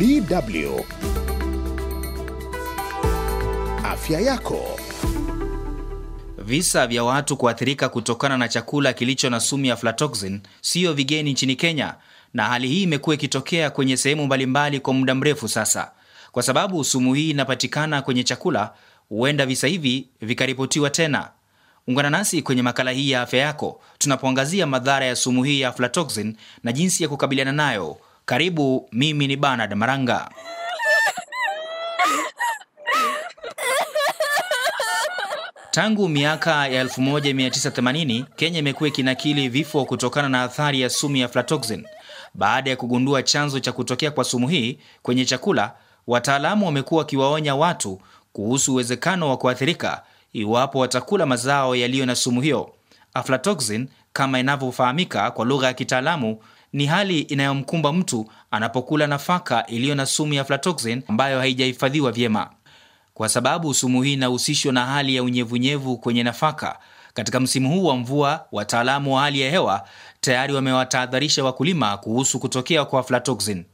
DW Afya yako. Visa vya watu kuathirika kutokana na chakula kilicho na sumu ya aflatoxin siyo vigeni nchini Kenya, na hali hii imekuwa ikitokea kwenye sehemu mbalimbali kwa muda mrefu sasa. Kwa sababu sumu hii inapatikana kwenye chakula, huenda visa hivi vikaripotiwa tena. Ungana nasi kwenye makala hii ya afya yako tunapoangazia madhara ya sumu hii ya aflatoxin na jinsi ya kukabiliana nayo. Karibu, mimi ni Bernard Maranga. Tangu miaka ya 1980 Kenya imekuwa ikinakili vifo kutokana na athari ya sumu ya flatoxin Baada ya kugundua chanzo cha kutokea kwa sumu hii kwenye chakula, wataalamu wamekuwa wakiwaonya watu kuhusu uwezekano wa kuathirika iwapo watakula mazao yaliyo na sumu hiyo. Aflatoxin kama inavyofahamika kwa lugha ya kitaalamu ni hali inayomkumba mtu anapokula nafaka iliyo na sumu ya flatoxin ambayo haijahifadhiwa vyema. Kwa sababu sumu hii inahusishwa na hali ya unyevunyevu kwenye nafaka, katika msimu huu wa mvua, wataalamu wa hali ya hewa tayari wamewatahadharisha wakulima kuhusu kutokea kwa flatoxin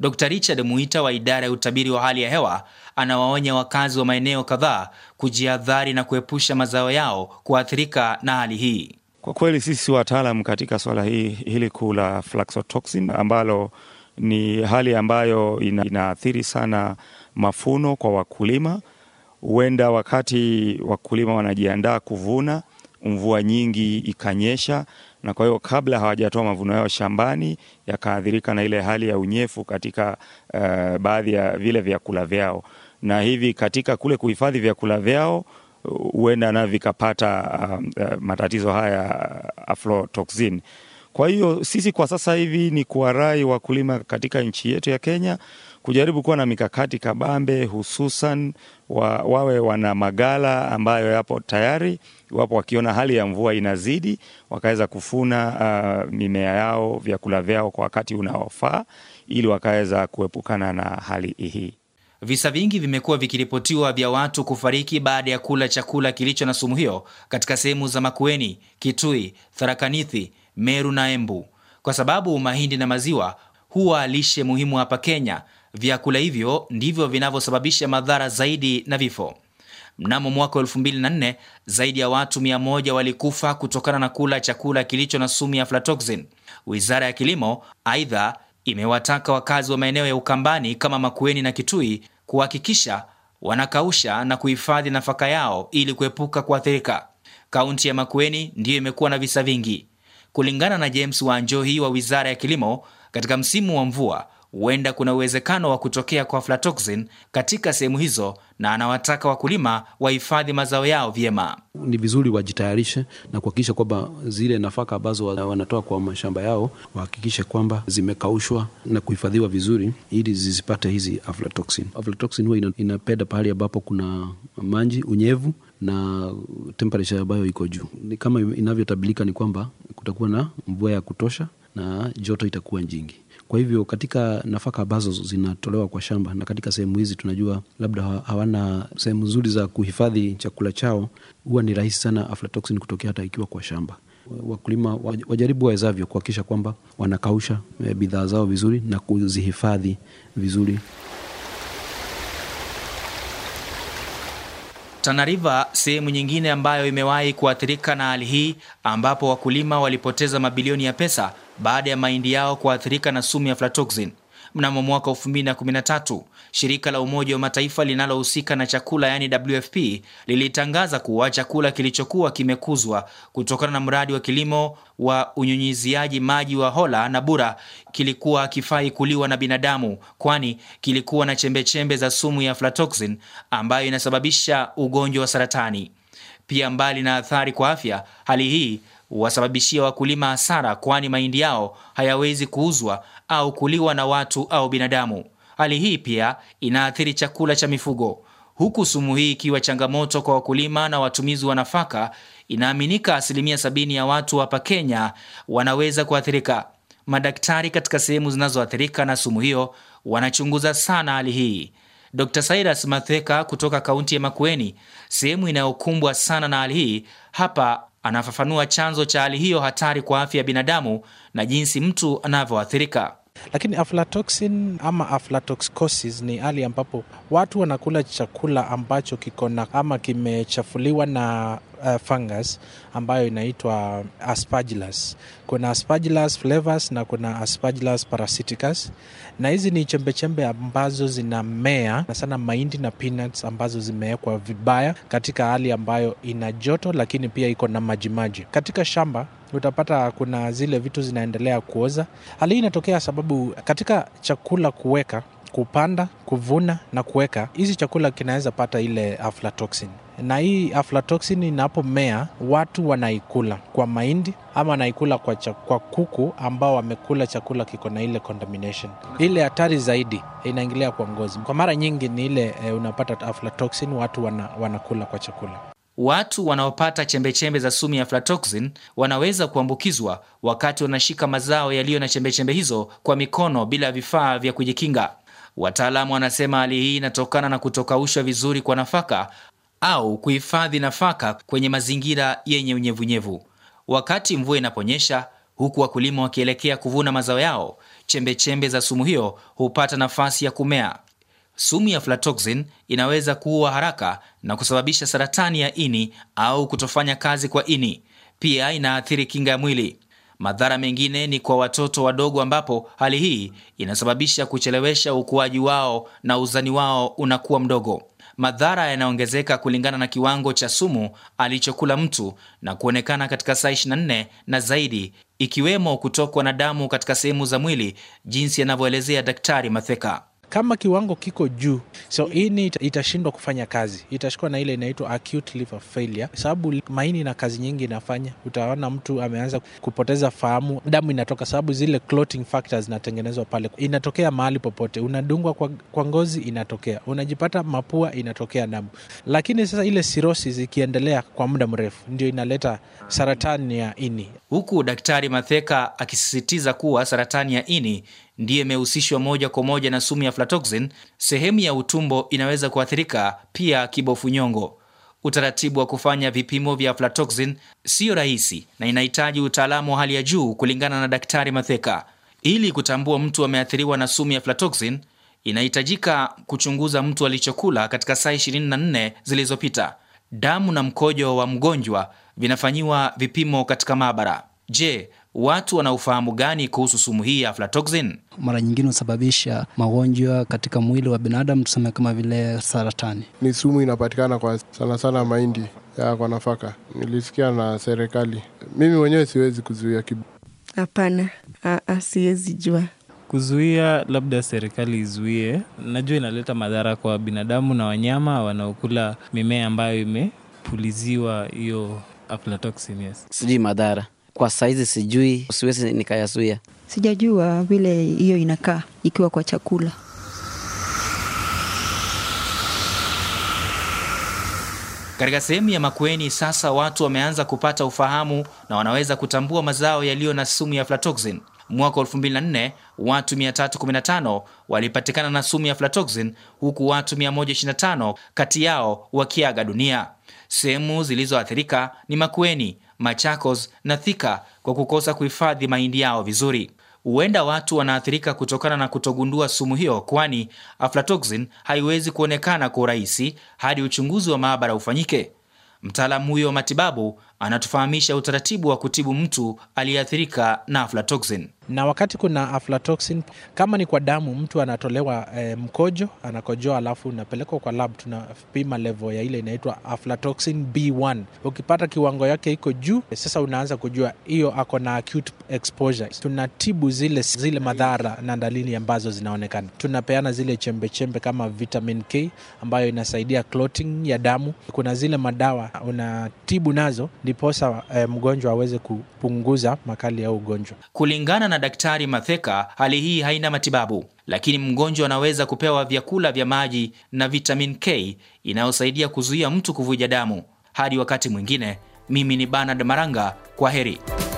Dr. Richard Muita wa idara ya utabiri wa hali ya hewa anawaonya wakazi wa maeneo kadhaa kujihadhari na kuepusha mazao yao kuathirika na hali hii. Kwa kweli sisi wataalam katika swala hii hili kuu la flaxotoxin ambalo ni hali ambayo ina, inaathiri sana mafuno kwa wakulima. Huenda wakati wakulima wanajiandaa kuvuna, mvua nyingi ikanyesha, na kwa hiyo kabla hawajatoa mavuno yao shambani yakaathirika na ile hali ya unyefu katika uh, baadhi ya vile vyakula vyao, na hivi katika kule kuhifadhi vyakula vyao huenda na vikapata um, uh, matatizo haya aflotoxin. Kwa hiyo sisi kwa sasa hivi ni kuwarai wakulima katika nchi yetu ya Kenya kujaribu kuwa na mikakati kabambe, hususan wa, wawe wana magala ambayo yapo tayari, iwapo wakiona hali ya mvua inazidi wakaweza kufuna uh, mimea yao, vyakula vyao kwa wakati unaofaa, ili wakaweza kuepukana na hali hii. Visa vingi vimekuwa vikiripotiwa vya watu kufariki baada ya kula chakula kilicho na sumu hiyo katika sehemu za Makueni, Kitui, Tharakanithi, Meru na Embu. Kwa sababu mahindi na maziwa huwa lishe muhimu hapa Kenya, vyakula hivyo ndivyo vinavyosababisha madhara zaidi na vifo. Mnamo mwaka nne zaidi ya watu moja walikufa kutokana na kula chakula kilicho na sumu ya aflatoxin. Wizara ya Kilimo aidha imewataka wakazi wa maeneo ya Ukambani kama Makueni na Kitui kuhakikisha wanakausha na kuhifadhi nafaka yao ili kuepuka kuathirika. Kaunti ya Makueni ndiyo imekuwa na visa vingi. Kulingana na James Wanjohi wa Wizara ya Kilimo, katika msimu wa mvua huenda kuna uwezekano wa kutokea kwa aflatoxin katika sehemu hizo, na anawataka wakulima wahifadhi mazao yao vyema. Ni vizuri wajitayarishe na kuhakikisha kwamba zile nafaka ambazo wanatoa kwa mashamba yao wahakikishe kwamba zimekaushwa na kuhifadhiwa vizuri ili zisipate hizi aflatoxin. Aflatoxin huwa inapenda pahali ambapo kuna maji, unyevu na temperature ambayo iko juu. Ni kama inavyotabilika ni kwamba kutakuwa na mvua ya kutosha na joto itakuwa jingi. Kwa hivyo katika nafaka ambazo zinatolewa kwa shamba na katika sehemu hizi tunajua labda hawana sehemu nzuri za kuhifadhi chakula chao, huwa ni rahisi sana aflatoxin kutokea hata ikiwa kwa shamba. Wakulima wajaribu wawezavyo kuhakikisha kwamba wanakausha eh, bidhaa zao vizuri na kuzihifadhi vizuri. tanariva sehemu nyingine ambayo imewahi kuathirika na hali hii, ambapo wakulima walipoteza mabilioni ya pesa baada ya mahindi yao kuathirika na sumu ya flatoxin. Mnamo mwaka 2013 shirika la Umoja wa Mataifa linalohusika na chakula yani WFP lilitangaza kuwa chakula kilichokuwa kimekuzwa kutokana na mradi wa kilimo wa unyunyiziaji maji wa Hola na Bura kilikuwa akifai kuliwa na binadamu, kwani kilikuwa na chembechembe za sumu ya flatoxin ambayo inasababisha ugonjwa wa saratani. Pia mbali na athari kwa afya, hali hii huwasababishia wakulima hasara, kwani mahindi yao hayawezi kuuzwa au kuliwa na watu au binadamu. Hali hii pia inaathiri chakula cha mifugo, huku sumu hii ikiwa changamoto kwa wakulima na watumizi wa nafaka. Inaaminika asilimia sabini ya watu hapa Kenya wanaweza kuathirika. Madaktari katika sehemu zinazoathirika na sumu hiyo wanachunguza sana hali hii. Dr Cyrus Matheka kutoka kaunti ya Makueni, sehemu inayokumbwa sana na hali hii, hapa Anafafanua chanzo cha hali hiyo hatari kwa afya ya binadamu na jinsi mtu anavyoathirika. Lakini aflatoxin ama aflatoxicosis ni hali ambapo watu wanakula chakula ambacho kiko na ama kimechafuliwa na uh, fungus ambayo inaitwa aspergillus. Kuna aspergillus flavus na kuna aspergillus parasiticus, na hizi ni chembechembe ambazo zinamea na sana mahindi na peanuts ambazo zimewekwa vibaya katika hali ambayo ina joto, lakini pia iko na majimaji katika shamba utapata kuna zile vitu zinaendelea kuoza. Hali hii inatokea sababu katika chakula kuweka kupanda, kuvuna na kuweka, hizi chakula kinaweza pata ile aflatoxin na hii aflatoxin inapomea watu wanaikula kwa mahindi ama wanaikula kwa, kwa kuku ambao wamekula chakula kiko na ile contamination. Ile hatari zaidi inaingilia kwa ngozi. Kwa mara nyingi ni ile e, unapata aflatoxin watu wana, wanakula kwa chakula. Watu wanaopata chembechembe za sumu ya aflatoxin wanaweza kuambukizwa wakati wanashika mazao yaliyo na chembechembe hizo kwa mikono bila vifaa vya kujikinga. Wataalamu wanasema hali hii inatokana na kutokaushwa vizuri kwa nafaka au kuhifadhi nafaka kwenye mazingira yenye unyevunyevu. Wakati mvua inaponyesha, huku wakulima wakielekea kuvuna mazao yao, chembechembe za sumu hiyo hupata nafasi ya kumea. Sumu ya aflatoxin inaweza kuua haraka na kusababisha saratani ya ini au kutofanya kazi kwa ini. Pia inaathiri kinga ya mwili. Madhara mengine ni kwa watoto wadogo, ambapo hali hii inasababisha kuchelewesha ukuaji wao na uzani wao unakuwa mdogo. Madhara yanaongezeka kulingana na kiwango cha sumu alichokula mtu na kuonekana katika saa 24 na zaidi, ikiwemo kutokwa na damu katika sehemu za mwili, jinsi anavyoelezea Daktari Matheka. Kama kiwango kiko juu, so ini itashindwa kufanya kazi, itashikwa na ile inaitwa acute liver failure, sababu maini na kazi nyingi inafanya. Utaona mtu ameanza kupoteza fahamu, damu inatoka, sababu zile clotting factors zinatengenezwa pale. Inatokea mahali popote, unadungwa kwa, kwa ngozi inatokea, unajipata mapua inatokea damu. Lakini sasa ile sirosi zikiendelea kwa muda mrefu, ndio inaleta saratani ya ini, huku Daktari Matheka akisisitiza kuwa saratani ya ini ndiyo imehusishwa moja kwa moja na sumu ya flatoxin, sehemu ya utumbo inaweza kuathirika pia kibofu nyongo. Utaratibu wa kufanya vipimo vya flatoxin siyo rahisi na inahitaji utaalamu wa hali ya juu, kulingana na Daktari Matheka. Ili kutambua mtu ameathiriwa na sumu ya flatoxin, inahitajika kuchunguza mtu alichokula katika saa 24 zilizopita. Damu na mkojo wa mgonjwa vinafanyiwa vipimo katika maabara. Je, Watu wana ufahamu gani kuhusu sumu hii ya aflatoxin? Mara nyingine husababisha magonjwa katika mwili wa binadamu, tuseme kama vile saratani. Ni sumu inapatikana kwa sana sana mahindi ya kwa nafaka, nilisikia na serikali. Mimi mwenyewe siwezi kuzuia kibu, hapana, siwezi jua kuzuia, labda serikali izuie. Najua inaleta madhara kwa binadamu na wanyama wanaokula mimea ambayo imepuliziwa hiyo aflatoxin. Yes, sijui madhara kwa saizi sijui, siwezi nikayazuia. Sijajua vile hiyo inakaa ikiwa kwa chakula. Katika sehemu ya makweni sasa watu wameanza kupata ufahamu na wanaweza kutambua mazao yaliyo na sumu ya flatoxin Mwaka 24 watu 315 walipatikana na sumu ya flatoxin huku watu 125 kati yao wakiaga dunia. Sehemu zilizoathirika ni Makueni, Machakos na Thika kwa kukosa kuhifadhi mahindi yao vizuri. Huenda watu wanaathirika kutokana na kutogundua sumu hiyo, kwani aflatoxin haiwezi kuonekana kwa urahisi hadi uchunguzi wa maabara ufanyike. Mtaalamu huyo wa matibabu anatufahamisha utaratibu wa kutibu mtu aliyeathirika na aflatoxin na wakati kuna aflatoxin, kama ni kwa damu, mtu anatolewa e, mkojo, anakojoa alafu unapelekwa kwa lab, tunapima levo ya ile inaitwa aflatoxin B1. Ukipata kiwango yake iko juu, sasa unaanza kujua hiyo ako na acute exposure. Tunatibu zile, zile madhara na dalili ambazo zinaonekana. Tunapeana zile chembe chembe kama vitamin K ambayo inasaidia clotting ya damu. Kuna zile madawa unatibu nazo ndiposa e, mgonjwa aweze kupunguza makali ya ugonjwa kulingana na Daktari Matheka, hali hii haina matibabu, lakini mgonjwa anaweza kupewa vyakula vya maji na vitamin K inayosaidia kuzuia mtu kuvuja damu. Hadi wakati mwingine, mimi ni Bernard Maranga, kwa heri.